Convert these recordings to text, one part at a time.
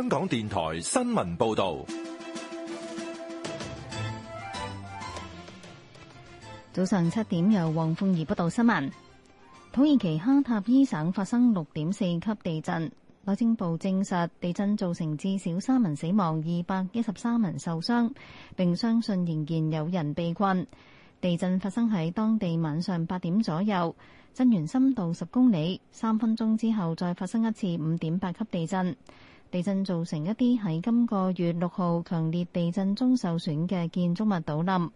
香港電台新聞報道，早上七點由黃鳳儀報道新聞。土耳其哈塔伊省發生六點四級地震，內政部證實地震造成至少三人死亡，二百一十三人受傷，並相信仍然有人被困。地震發生喺當地晚上八點左右，震源深度十公里。三分鐘之後再發生一次五點八級地震。地震造成一啲喺今個月六號強烈地震中受損嘅建築物倒冧。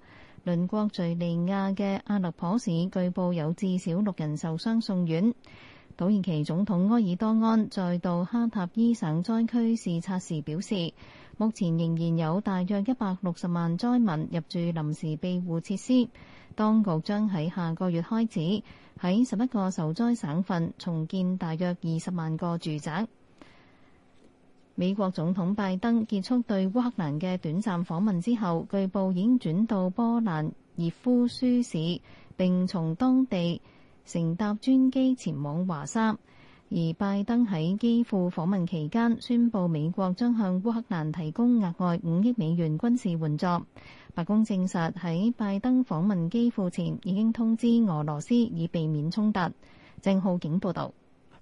鄰國敍利亞嘅阿勒頗市據報有至少六人受傷送院。土耳其總統埃爾多安再到哈塔伊省災，災區視察時表示，目前仍然有大約一百六十萬災民入住臨時庇護設施。當局將喺下個月開始，喺十一個受災省份重建大約二十萬個住宅。美國總統拜登結束對烏克蘭嘅短暫訪問之後，據報已經轉到波蘭熱舒夫市，並從當地乘搭專機前往華沙。而拜登喺基輔訪問期間宣布，美國將向烏克蘭提供額外五億美元軍事援助。白宮證實喺拜登訪問基輔前已經通知俄羅斯，以避免衝突。鄭浩景報道，道。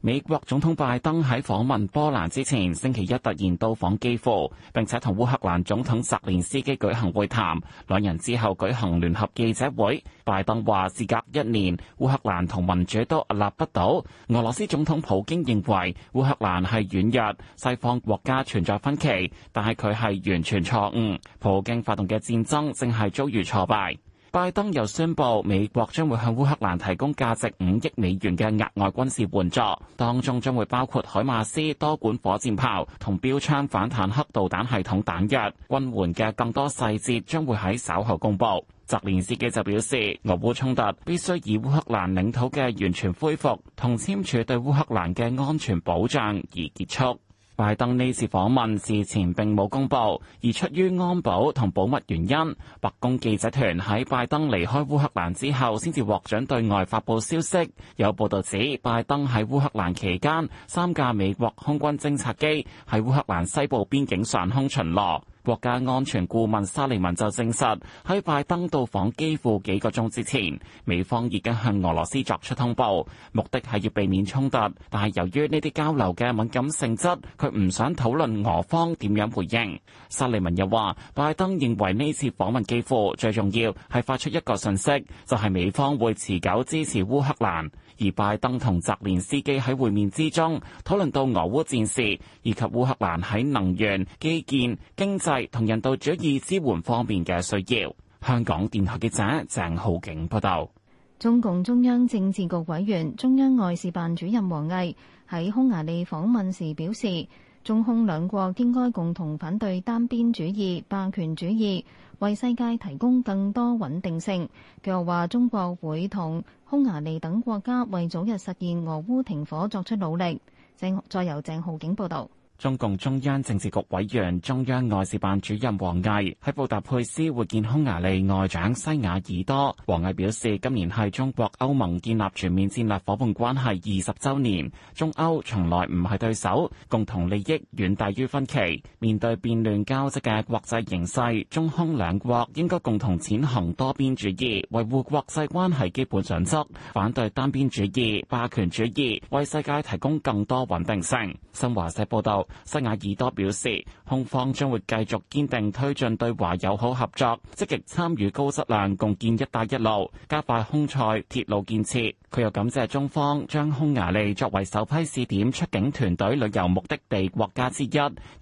美國總統拜登喺訪問波蘭之前，星期一突然到訪基輔，並且同烏克蘭總統澤連斯基舉行會談，兩人之後舉行聯合記者會。拜登話，事隔一年，烏克蘭同民主都屹立不倒。俄羅斯總統普京認為烏克蘭係軟弱，西方國家存在分歧，但係佢係完全錯誤。普京發動嘅戰爭正係遭遇挫敗。拜登又宣布，美國將會向烏克蘭提供價值五億美元嘅額外軍事援助，當中將會包括海馬斯多管火箭炮同標槍反坦克導彈系統彈藥。軍援嘅更多細節將會喺稍後公布。澤連斯基就表示，俄烏衝突必須以烏克蘭領土嘅完全恢復同簽署對烏克蘭嘅安全保障而結束。拜登呢次訪問事前並冇公布，而出於安保同保密原因，白宮記者團喺拜登離開烏克蘭之後，先至獲准對外發布消息。有報道指，拜登喺烏克蘭期間，三架美國空軍偵察機喺烏克蘭西部邊境上空巡邏。國家安全顧問沙利文就證實，喺拜登到訪基輔幾個鐘之前，美方已經向俄羅斯作出通報，目的係要避免衝突。但係由於呢啲交流嘅敏感性質，佢唔想討論俄方點樣回應。沙利文又話，拜登認為呢次訪問基輔最重要係發出一個訊息，就係美方會持久支持烏克蘭。而拜登同澤連斯基喺會面之中討論到俄烏戰事，以及烏克蘭喺能源、基建、經濟同人道主義支援方面嘅需要。香港電台記者鄭浩景報道。中共中央政治局委員、中央外事辦主任王毅喺匈牙利訪問時表示，中匈兩國應該共同反對單邊主義、霸權主義，為世界提供更多穩定性。佢又話：中國會同匈牙利等國家為早日實現俄烏停火作出努力。正在由鄭浩景報導。中共中央政治局委員、中央外事辦主任王毅喺布達佩斯會見匈牙利外長西雅爾多。王毅表示，今年係中國歐盟建立全面戰略夥伴關係二十周年，中歐從來唔係對手，共同利益遠大於分歧。面對變亂交織嘅國際形勢，中匈兩國應該共同踐行多邊主義，維護國際關係基本準則，反對單邊主義、霸權主義，為世界提供更多穩定性。新華社報道。西亞爾多表示，匈方將會繼續堅定推進對華友好合作，積極參與高質量共建“一帶一路”，加快匈塞鐵路建設。佢又感謝中方將匈牙利作為首批試點出境團隊旅遊目的地國家之一，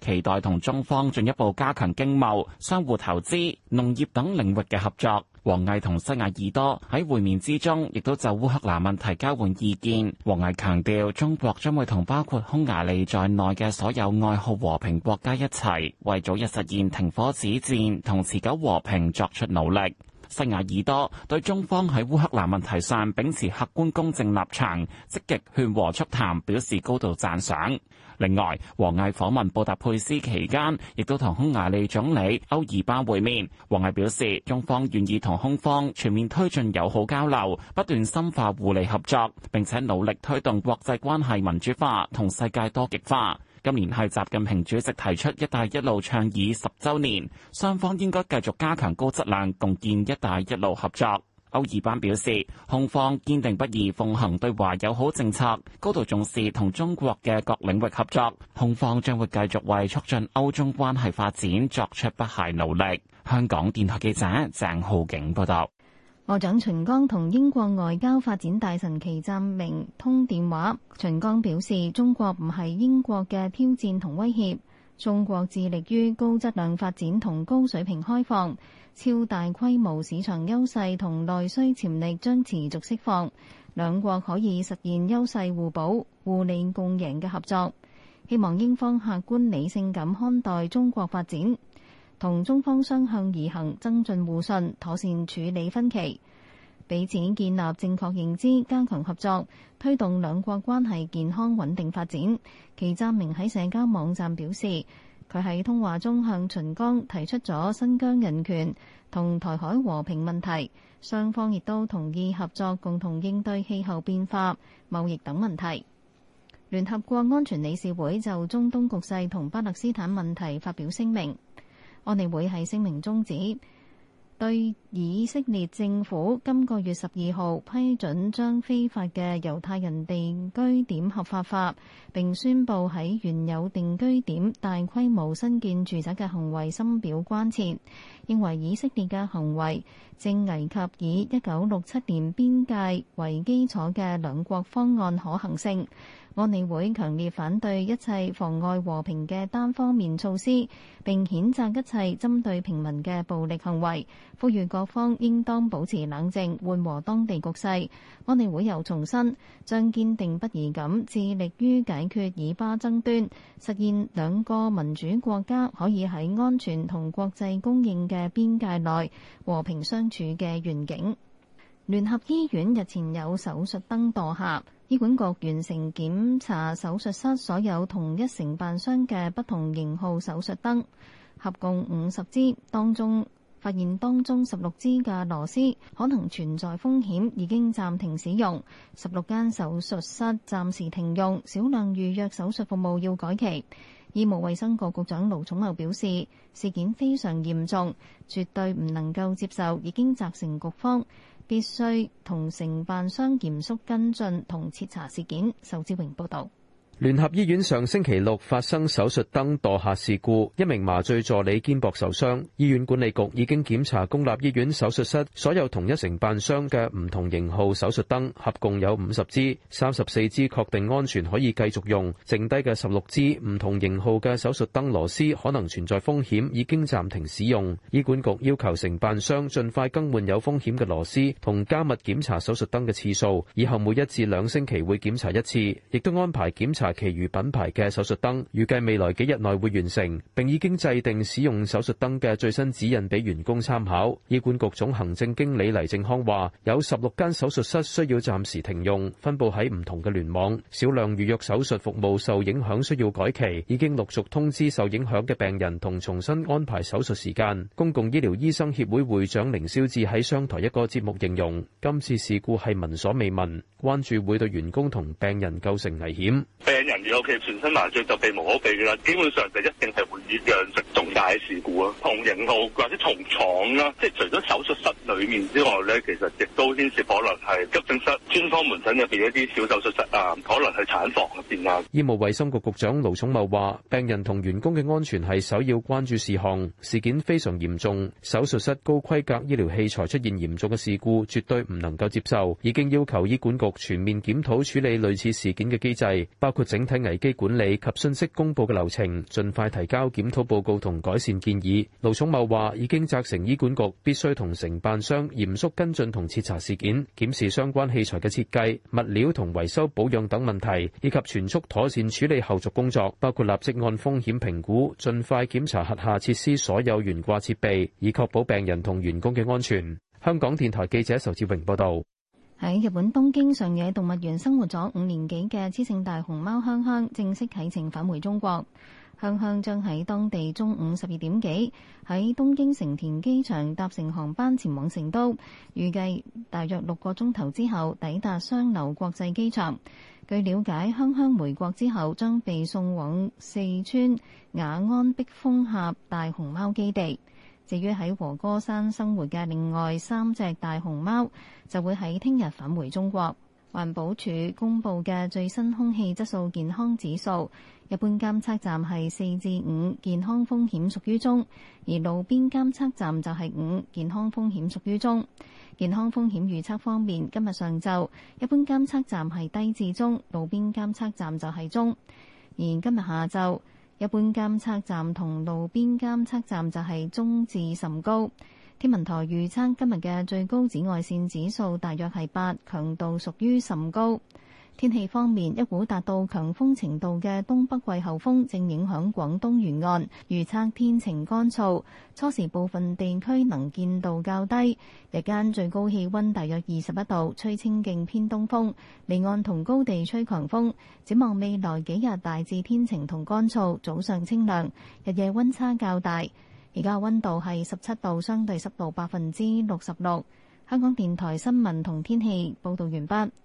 期待同中方進一步加強經貿、相互投資、農業等領域嘅合作。王毅同西亞爾多喺會面之中，亦都就烏克蘭問題交換意見。王毅強調，中國將會同包括匈牙利在內嘅所有愛好和平國家一齊，為早日實現停火止戰同持久和平作出努力。西雅爾多對中方喺烏克蘭問題上秉持客觀公正立場，積極勸和促談，表示高度贊賞。另外，王毅訪問布達佩斯期間，亦都同匈牙利總理歐爾巴會面。王毅表示，中方願意同匈方全面推進友好交流，不斷深化互利合作，並且努力推動國際關係民主化同世界多極化。今年係習近平主席提出「一帶一路」倡議十週年，雙方應該繼續加強高質量共建「一帶一路」合作。歐爾班表示，匈方堅定不移奉行對華友好政策，高度重視同中國嘅各領域合作，匈方將會繼續為促進歐中關係發展作出不懈努力。香港電台記者鄭浩景報道。外長秦剛同英國外交發展大臣祁湛明通電話。秦剛表示：中國唔係英國嘅挑戰同威脅，中國致力於高質量發展同高水平開放，超大規模市場優勢同內需潛力將持續釋放，兩國可以實現優勢互補、互利共贏嘅合作。希望英方客觀理性咁看待中國發展。同中方相向而行，增進互信，妥善處理分歧，彼此建立正確認知，加強合作，推動兩國關係健康穩定發展。祁湛明喺社交網站表示，佢喺通話中向秦剛提出咗新疆人權同台海和平問題，雙方亦都同意合作，共同應對氣候變化、貿易等問題。聯合國安全理事會就中東局勢同巴勒斯坦問題發表聲明。安理會喺聲明中指，對以色列政府今個月十二號批准將非法嘅猶太人定居點合法化，並宣布喺原有定居點大規模新建住宅嘅行為深表關切，認為以色列嘅行為正危及以一九六七年邊界為基礎嘅兩國方案可行性。安理會強烈反對一切妨礙和平嘅單方面措施，並譴責一切針對平民嘅暴力行為，呼籲各方應當保持冷靜，緩和當地局勢。安理會又重申，將堅定不移咁致力於解決以巴爭端，實現兩個民主國家可以喺安全同國際公認嘅邊界內和平相處嘅願景。聯合醫院日前有手術燈墮下。醫管局完成檢查手術室所有同一承辦商嘅不同型號手術燈，合共五十支，當中發現當中十六支嘅螺絲可能存在風險，已經暫停使用。十六間手術室暫時停用，少量預約手術服務要改期。醫務衛生局局長盧寵茂表示，事件非常嚴重，絕對唔能夠接受，已經責成局方。必須同承辦商嚴肅跟進同徹查事件。仇志榮報道。聯合醫院上星期六發生手術燈墮下事故，一名麻醉助理肩膊受傷。醫院管理局已經檢查公立醫院手術室所有同一承辦商嘅唔同型號手術燈，合共有五十支，三十四支確定安全可以繼續用，剩低嘅十六支唔同型號嘅手術燈螺絲可能存在風險，已經暫停使用。醫管局要求承辦商盡快更換有風險嘅螺絲，同加密檢查手術燈嘅次數，以後每一至兩星期會檢查一次，亦都安排檢查。其餘品牌手術燈預計未來幾日內會完成，並已經制定使用手術燈嘅最新指引俾員工參考。醫管局總行政經理黎正康話有病人如果佢全身麻醉就避無可避噶啦，基本上就一定係會越釀成重大嘅事故咯。同型號或者同廠啦，即係除咗手術室裏面之外咧，其實亦都牽涉可能係急症室、專科門診入邊一啲小手術室啊，可能係產房入邊啊。醫務衛生局局長盧寵茂話：病人同員工嘅安全係首要關注事項，事件非常嚴重，手術室高規格醫療器材出現嚴重嘅事故，絕對唔能夠接受，已經要求醫管局全面檢討處理類似事件嘅機制，包括。整體危機管理及信息公布嘅流程，盡快提交檢討報告同改善建議。盧寵茂話：已經責成醫管局必須同承辦商嚴肅跟進同徹查事件，檢視相關器材嘅設計、物料同維修保養等問題，以及全速妥善處理後續工作，包括立即按風險評估，盡快檢查轄下設施所有懸掛設備，以確保病人同員工嘅安全。香港電台記者仇志榮報道。喺日本東京上野動物園生活咗五年幾嘅雌性大熊貓香香，正式啟程返回中國。香香將喺當地中午十二點幾喺東京成田機場搭乘航班前往成都，預計大約六個鐘頭之後抵達雙流國際機場。據了解，香香回國之後將被送往四川雅安碧峰峽大熊貓基地。至於喺和歌山生活嘅另外三隻大熊貓就會喺聽日返回中國。環保署公布嘅最新空氣質素健康指數，一般監測站係四至五，健康風險屬於中；而路邊監測站就係五，健康風險屬於中。健康風險預測方面，今日上晝一般監測站係低至中，路邊監測站就係中。而今日下晝一般監測站同路邊監測站就係中至甚高。天文台預測今日嘅最高紫外線指數大約係八，強度屬於甚高。天氣方面，一股達到強風程度嘅東北季候風正影響廣東沿岸，預測天晴乾燥，初時部分地區能見度較低，日間最高氣温大約二十一度，吹清勁偏東風，離岸同高地吹強風。展望未來幾日，大致天晴同乾燥，早上清涼，日夜温差較大。而家温度係十七度，相對濕度百分之六十六。香港電台新聞同天氣報導完畢。